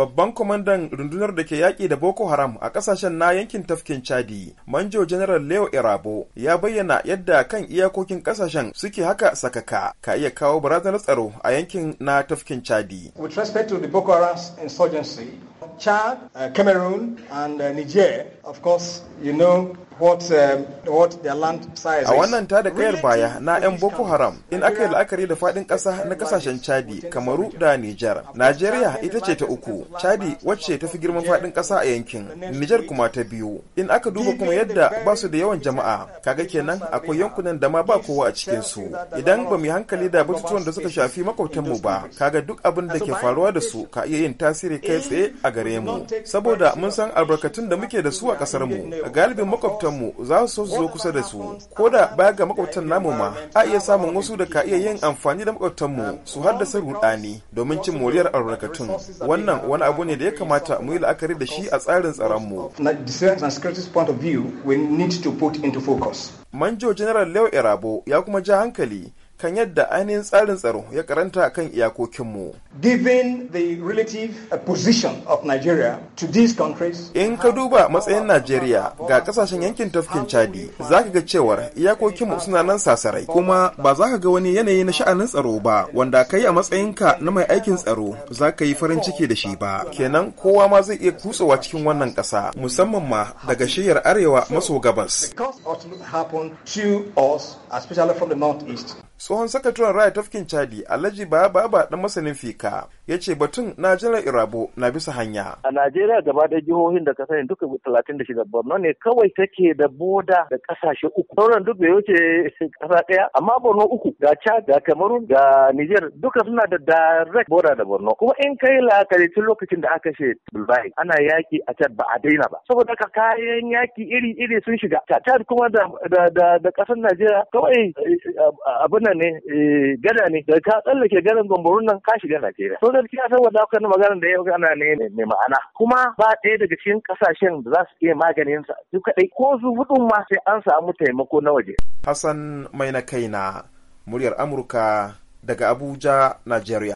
babban kwamandan rundunar da ke yaƙi da Boko Haram a ƙasashen na yankin tafkin Chadi, Manjo General Leo Irabo ya bayyana yadda kan iyakokin ƙasashen suke haka sakaka ka iya kawo barazanar tsaro a yankin na tafkin Chadi. With respect to the Chad, uh, Cameroon, and uh, Niger, of course, you know what, um, what their land size A wannan ta da kayar baya na 'yan Boko Haram in aka yi la'akari da faɗin ƙasa na ƙasashen Chadi, Kamaru da Nijar. Najeriya ita ce ta uku, Chadi wacce ta fi girman faɗin ƙasa a yankin, Nijar kuma ta biyu. In aka duba kuma yadda ba su da yawan jama'a, kaga kenan akwai yankunan da ma ba kowa a cikin su. Idan ba mu hankali da batutuwan da suka shafi makwabtanmu ba, kaga duk abin da ke faruwa da su ka iya yin tasiri kai tsaye a a gare mu saboda mun san albarkatun da muke da su a kasar mu galibin makwabtan mu za su zo kusa da su ko da baya ga makwabtan namu ma a iya samun wasu da ka iya yin amfani da makwabtan mu su haddasa rudani domin cin moriyar albarkatun wannan wani abu ne da ya kamata mu yi la'akari da shi a tsarin tsaron mu Manjo General Leo Irabo ya kuma ja hankali kan yadda ainihin tsarin tsaro ya karanta kan iyakokinmu. Given the relative uh, position of Nigeria to these countries. In ka duba matsayin Najeriya ga kasashen yankin tafkin Chadi, za ka ga cewar iyakokinmu suna nan sasarai, kuma ba za ka ga wani yanayi na sha'anin tsaro ba, wanda ka yi a matsayinka na mai aikin tsaro za ka yi farin ciki da shi ba. Kenan kowa ma zai iya kutsowa cikin wannan ƙasa, musamman ma daga shiyar arewa maso gabas. tsohon sakataren raya tafkin chadi alhaji ba baba dan masanin fika ya ce batun na janar irabo na bisa hanya a najeriya gaba ɗaya jihohin da ka sani duka talatin da shida borno ne kawai take da boda da kasashe uku sauran duk bai wuce kasa ɗaya amma borno uku ga chad ga cameroon ga niger duka suna da direct boda da borno kuma in kai la'akari tun lokacin da aka ce dubai ana yaki a chad ba a daina ba saboda ka kayan yaki iri-iri sun shiga chad kuma da da da, da kasar najeriya kawai eh, eh, abin wannan ne eh, gada ne da ka tsallake ganin bambarun nan ka shiga Najeriya. So da kiyasa wanda aka magana da yau gana ne mai ma'ana kuma ba ɗaya daga cikin kasashen da za su iya maganin sa duk kadai ko su hudu ma sai an samu taimako na waje. Hassan mai na kaina muryar Amurka daga Abuja, Najeriya.